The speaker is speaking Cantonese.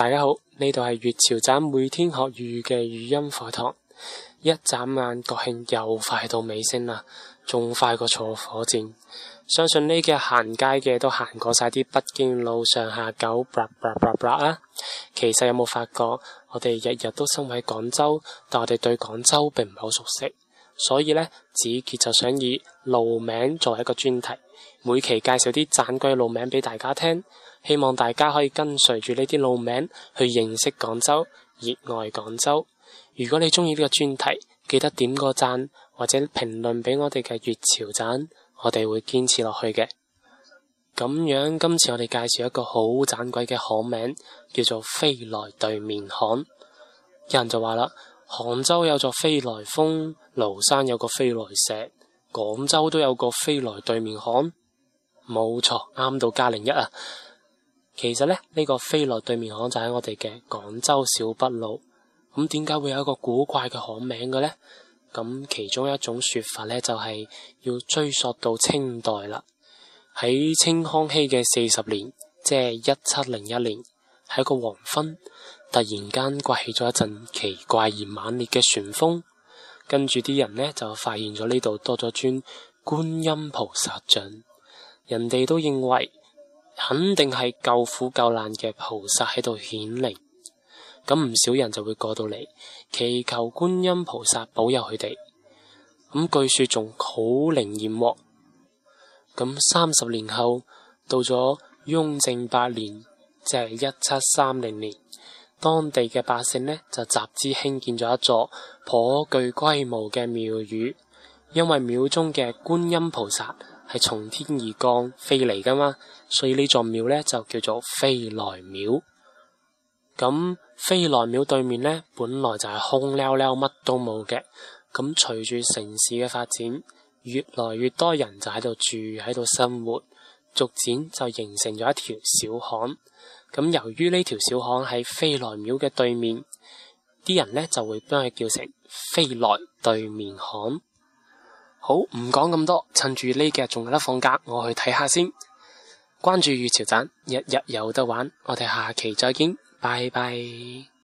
大家好，呢度係粵潮站，每天學粵語嘅語音課堂。一眨眼，國慶又快到尾聲啦，仲快過坐火箭。相信呢嘅行街嘅都行過晒啲北京路、上下九，bla bla bla bla 啦。其實有冇發覺，我哋日日都身喺廣州，但我哋對廣州並唔係好熟悉。所以咧，子傑就想以路名作為一個專題，每期介紹啲盞鬼路名俾大家聽，希望大家可以跟隨住呢啲路名去認識廣州，熱愛廣州。如果你中意呢個專題，記得點個讚或者評論俾我哋嘅粵潮盞，我哋會堅持落去嘅。咁樣，今次我哋介紹一個好盞鬼嘅巷名，叫做飛來對面巷。有人就話啦。杭州有座飛來峰，廬山有個飛來石，廣州都有個飛來對面巷，冇錯，啱到加零一啊！其實呢，呢個飛來對面巷就喺我哋嘅廣州小北路。咁點解會有一個古怪嘅巷名嘅呢？咁其中一種說法呢，就係要追溯到清代啦。喺清康熙嘅四十年，即係一七零一年。係一個黃昏，突然間颳起咗一陣奇怪而猛烈嘅旋風，跟住啲人呢就發現咗呢度多咗尊觀音菩薩像。人哋都認為肯定係救苦救難嘅菩薩喺度顯靈，咁唔少人就會過到嚟，祈求觀音菩薩保佑佢哋。咁據說仲好靈驗喎。咁三十年後，到咗雍正八年。即係一七三零年，當地嘅百姓呢就集資興建咗一座頗具規模嘅廟宇。因為廟中嘅觀音菩薩係從天而降飛嚟噶嘛，所以呢座廟呢就叫做飛來廟。咁、嗯、飛來廟對面呢本來就係空溜溜乜都冇嘅，咁、嗯、隨住城市嘅發展，越來越多人就喺度住喺度生活。逐漸就形成咗一條小巷，咁由於呢條小巷喺飛來廟嘅對面，啲人呢就會將佢叫成飛來對面巷。好，唔講咁多，趁住呢幾日仲有得放假，我去睇下先。關注粵潮棧，日日有得玩。我哋下期再見，拜拜。